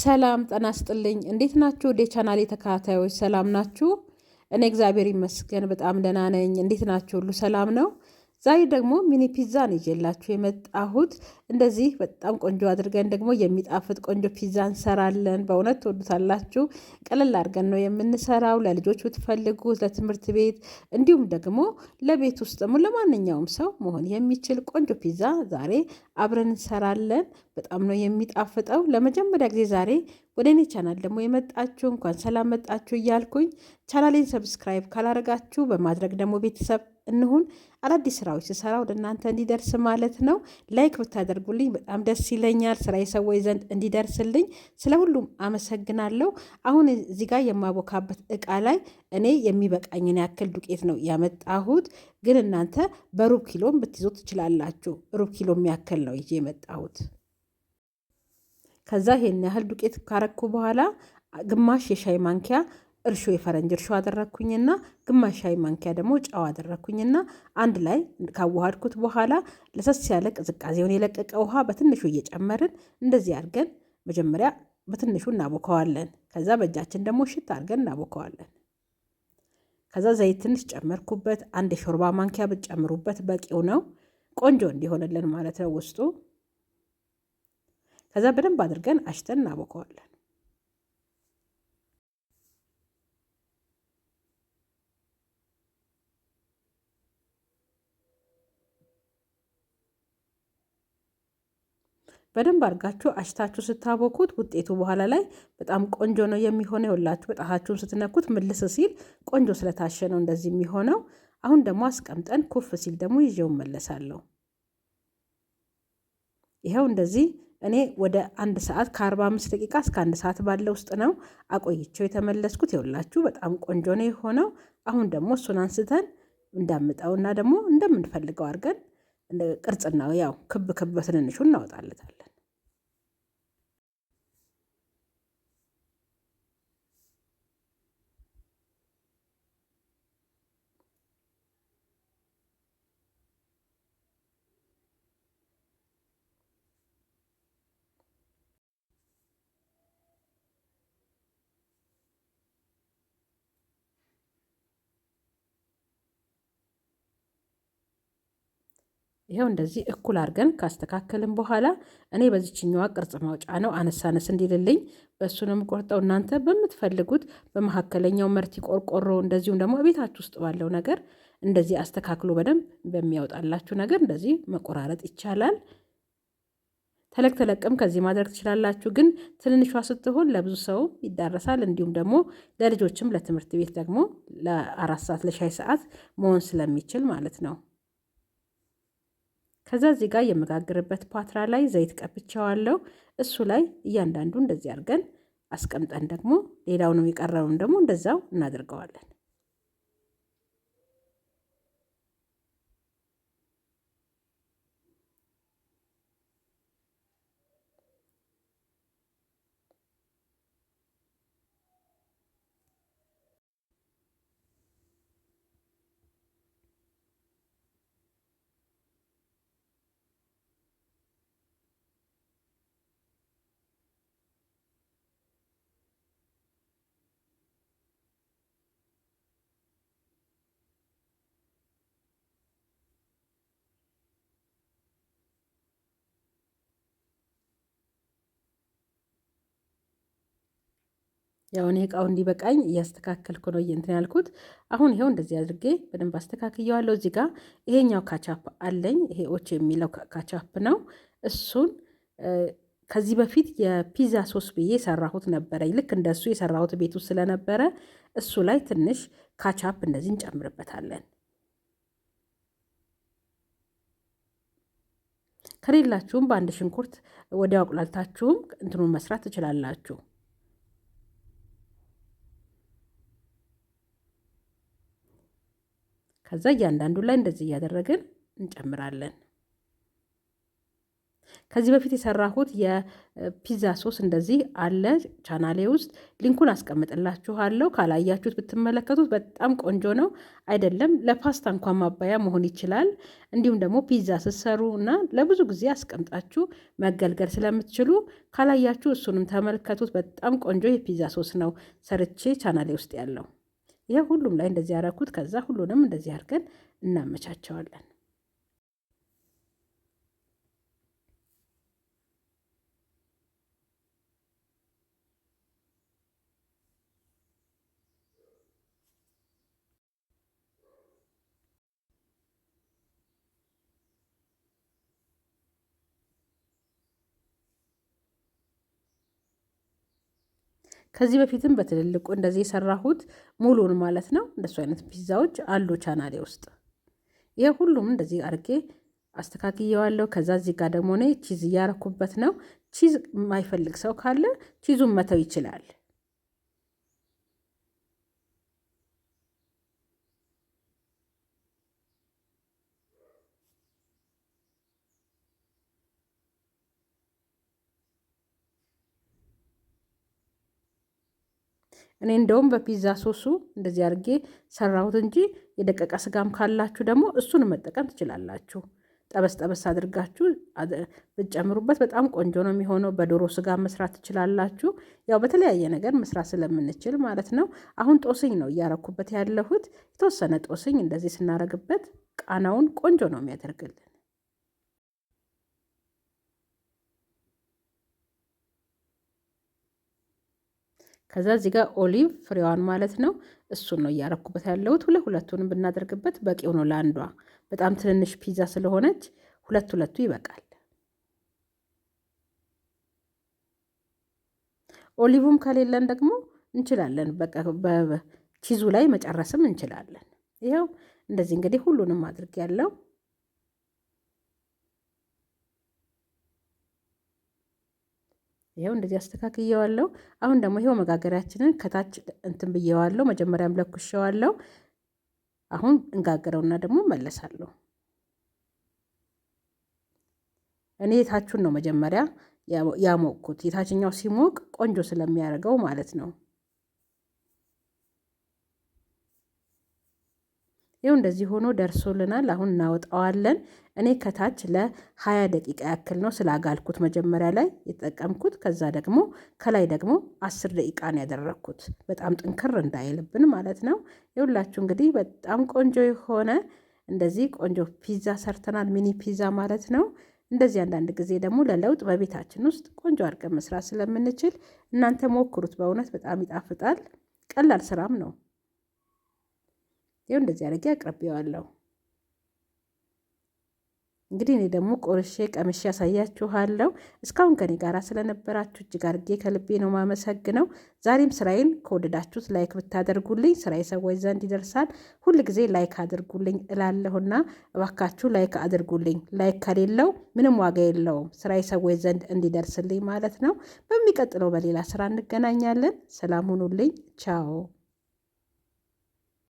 ሰላም ጠና ስጥልኝ። እንዴት ናችሁ? ወደ ቻናሌ ተከታታዮች ሰላም ናችሁ? እኔ እግዚአብሔር ይመስገን በጣም ደህና ነኝ። እንዴት ናችሁ? ሁሉ ሰላም ነው? ዛሬ ደግሞ ሚኒ ነው ይዤላችሁ የመጣሁት እንደዚህ በጣም ቆንጆ አድርገን ደግሞ የሚጣፍጥ ቆንጆ ፒዛ እንሰራለን። በእውነት ትወዱታላችሁ። ቀለል አድርገን ነው የምንሰራው። ለልጆች ብትፈልጉት፣ ለትምህርት ቤት እንዲሁም ደግሞ ለቤት ውስጥ ደግሞ ለማንኛውም ሰው መሆን የሚችል ቆንጆ ፒዛ ዛሬ አብረን እንሰራለን። በጣም ነው የሚጣፍጠው። ለመጀመሪያ ጊዜ ዛሬ ወደ እኔ ቻናል ደግሞ የመጣችሁ እንኳን ሰላም መጣችሁ እያልኩኝ ቻናሌን ሰብስክራይብ ካላረጋችሁ በማድረግ ደግሞ ቤተሰብ እንሁን። አዳዲስ ስራዎች ስሰራ ወደ እናንተ እንዲደርስ ማለት ነው። ላይክ ብታደርጉልኝ በጣም ደስ ይለኛል፣ ስራ የሰዎች ዘንድ እንዲደርስልኝ። ስለ ሁሉም አመሰግናለሁ። አሁን እዚህ ጋር የማቦካበት እቃ ላይ እኔ የሚበቃኝን ያክል ዱቄት ነው ያመጣሁት፣ ግን እናንተ በሩብ ኪሎም ብትይዞ ትችላላችሁ። ሩብ ኪሎ ያክል ነው ይዤ የመጣሁት። ከዛ ይሄን ያህል ዱቄት ካረኩ በኋላ ግማሽ የሻይ ማንኪያ እርሾ የፈረንጅ እርሾ አደረግኩኝና ግማሽ ሻይ ማንኪያ ደግሞ ጨው አደረግኩኝና አንድ ላይ ካዋሃድኩት በኋላ ለሰስ ያለ ቅዝቃዜውን የለቀቀ ውሃ በትንሹ እየጨመርን እንደዚህ አድርገን መጀመሪያ በትንሹ እናቦከዋለን። ከዛ በእጃችን ደግሞ ሽት አድርገን እናቦከዋለን። ከዛ ዘይት ትንሽ ጨመርኩበት። አንድ የሾርባ ማንኪያ ብትጨምሩበት በቂው ነው፣ ቆንጆ እንዲሆንልን ማለት ነው ውስጡ። ከዛ በደንብ አድርገን አሽተን እናቦከዋለን። በደንብ አድርጋችሁ አሽታችሁ ስታቦኩት ውጤቱ በኋላ ላይ በጣም ቆንጆ ነው የሚሆነው። ይኸውላችሁ በጣታችሁን ስትነኩት ምልስ ሲል ቆንጆ ስለታሸ ነው እንደዚህ የሚሆነው። አሁን ደግሞ አስቀምጠን ኩፍ ሲል ደግሞ ይዤው መለሳለሁ። ይኸው እንደዚህ እኔ ወደ አንድ ሰዓት ከ45 ደቂቃ እስከ አንድ ሰዓት ባለ ውስጥ ነው አቆይቸው የተመለስኩት። ይኸውላችሁ በጣም ቆንጆ ነው የሆነው። አሁን ደግሞ እሱን አንስተን እንዳምጠውና ደግሞ እንደምንፈልገው አድርገን ቅርጽና ያው ክብ ክብ በትንንሹ እናወጣለታለን። ይኸው እንደዚህ እኩል አድርገን ካስተካከልን በኋላ እኔ በዚችኛዋ ቅርጽ ማውጫ ነው አነሳነስ እንዲልልኝ በእሱ ነው የምቆርጠው። እናንተ በምትፈልጉት በመካከለኛው መርቲ ቆርቆሮ፣ እንደዚሁም ደግሞ ቤታችሁ ውስጥ ባለው ነገር እንደዚህ አስተካክሎ በደንብ በሚያወጣላችሁ ነገር እንደዚህ መቆራረጥ ይቻላል። ተለቅ ተለቅም ከዚህ ማድረግ ትችላላችሁ። ግን ትንንሿ ስትሆን ለብዙ ሰው ይዳረሳል። እንዲሁም ደግሞ ለልጆችም ለትምህርት ቤት ደግሞ ለአራት ሰዓት ለሻይ ሰዓት መሆን ስለሚችል ማለት ነው። ከዛ እዚህ ጋር የመጋግርበት ፓትራ ላይ ዘይት ቀብቻዋለሁ። እሱ ላይ እያንዳንዱ እንደዚህ አድርገን አስቀምጠን ደግሞ ሌላውንም የቀረውን ደግሞ እንደዛው እናደርገዋለን። ያው እኔ እቃው እንዲበቃኝ እያስተካከልኩ ነው እንትን ያልኩት። አሁን ይሄው እንደዚህ አድርጌ በደንብ አስተካክየዋለሁ። እዚህ ጋር ይሄኛው ካቻፕ አለኝ። ይሄ ኦች የሚለው ካቻፕ ነው። እሱን ከዚህ በፊት የፒዛ ሶስ ብዬ የሰራሁት ነበረኝ። ልክ እንደሱ የሰራሁት ቤቱ ስለነበረ እሱ ላይ ትንሽ ካቻፕ እንደዚህ እንጨምርበታለን። ከሌላችሁም በአንድ ሽንኩርት ወዲያው አቁላልታችሁም እንትኑን መስራት ትችላላችሁ። ከዛ እያንዳንዱ ላይ እንደዚህ እያደረግን እንጨምራለን። ከዚህ በፊት የሰራሁት የፒዛ ሶስ እንደዚህ አለ ቻናሌ ውስጥ ሊንኩን አስቀምጥላችኋለሁ። ካላያችሁት ብትመለከቱት በጣም ቆንጆ ነው አይደለም? ለፓስታ እንኳን ማባያ መሆን ይችላል። እንዲሁም ደግሞ ፒዛ ስትሰሩ እና ለብዙ ጊዜ አስቀምጣችሁ መገልገል ስለምትችሉ ካላያችሁ እሱንም ተመልከቱት። በጣም ቆንጆ የፒዛ ሶስ ነው ሰርቼ ቻናሌ ውስጥ ያለው ይሄ ሁሉም ላይ እንደዚህ ያረኩት። ከዛ ሁሉንም እንደዚህ አድርገን እናመቻቸዋለን። ከዚህ በፊትም በትልልቁ እንደዚህ የሰራሁት ሙሉን ማለት ነው። እንደሱ አይነት ፒዛዎች አሉ ቻናሌ ውስጥ። ይህ ሁሉም እንደዚህ አርጌ አስተካክየዋለሁ። ከዛ እዚህ ጋር ደግሞ እኔ ቺዝ እያረኩበት ነው። ቺዝ የማይፈልግ ሰው ካለ ቺዙን መተው ይችላል። እኔ እንደውም በፒዛ ሶሱ እንደዚህ አድርጌ ሰራሁት እንጂ የደቀቀ ስጋም ካላችሁ ደግሞ እሱን መጠቀም ትችላላችሁ። ጠበስ ጠበስ አድርጋችሁ ብትጨምሩበት በጣም ቆንጆ ነው የሚሆነው። በዶሮ ስጋ መስራት ትችላላችሁ። ያው በተለያየ ነገር መስራት ስለምንችል ማለት ነው። አሁን ጦስኝ ነው እያረኩበት ያለሁት። የተወሰነ ጦስኝ እንደዚህ ስናረግበት ቃናውን ቆንጆ ነው የሚያደርግልን። ከዛ እዚህ ጋር ኦሊቭ ፍሬዋን ማለት ነው እሱን ነው እያረኩበት ያለሁት። ሁለ ሁለቱንም ብናደርግበት በቂ ሆኖ ለአንዷ። በጣም ትንንሽ ፒዛ ስለሆነች ሁለት ሁለቱ ይበቃል። ኦሊቭም ከሌለን ደግሞ እንችላለን፣ በቺዙ ላይ መጨረስም እንችላለን። ይኸው እንደዚህ እንግዲህ ሁሉንም አድርግ ያለው ይኸው እንደዚህ አስተካክየዋለሁ። አሁን ደግሞ ይኸው መጋገሪያችንን ከታች እንትን ብየዋለሁ። መጀመሪያም ለኩሸዋለሁ። አሁን እንጋግረውና ደግሞ መለሳለሁ። እኔ የታችሁን ነው መጀመሪያ ያሞቅኩት። የታችኛው ሲሞቅ ቆንጆ ስለሚያደርገው ማለት ነው። ይኸው እንደዚህ ሆኖ ደርሶልናል። አሁን እናወጣዋለን። እኔ ከታች ለ20 ደቂቃ ያክል ነው ስላጋልኩት መጀመሪያ ላይ የተጠቀምኩት። ከዛ ደግሞ ከላይ ደግሞ 10 ደቂቃ ነው ያደረግኩት፣ በጣም ጥንክር እንዳይልብን ማለት ነው። የሁላችሁ እንግዲህ በጣም ቆንጆ የሆነ እንደዚህ ቆንጆ ፒዛ ሰርተናል። ሚኒ ፒዛ ማለት ነው። እንደዚህ አንዳንድ ጊዜ ደግሞ ለለውጥ በቤታችን ውስጥ ቆንጆ አድርገን መስራት ስለምንችል እናንተ ሞክሩት። በእውነት በጣም ይጣፍጣል። ቀላል ስራም ነው። ይኸው እንደዚህ አድርጌ አቅርቤዋለሁ። እንግዲህ እኔ ደግሞ ቆርሼ ቀምሼ ያሳያችኋለሁ። እስካሁን ከኔ ጋር ስለነበራችሁ እጅግ አድርጌ ከልቤ ነው ማመሰግነው። ዛሬም ስራዬን ከወደዳችሁት ላይክ ብታደርጉልኝ ስራዬ ሰዎች ዘንድ ይደርሳል። ሁል ጊዜ ላይክ አድርጉልኝ እላለሁና እባካችሁ ላይክ አድርጉልኝ። ላይክ ከሌለው ምንም ዋጋ የለውም፣ ስራዬ ሰዎች ዘንድ እንዲደርስልኝ ማለት ነው። በሚቀጥለው በሌላ ስራ እንገናኛለን። ሰላም ሁኑልኝ። ቻው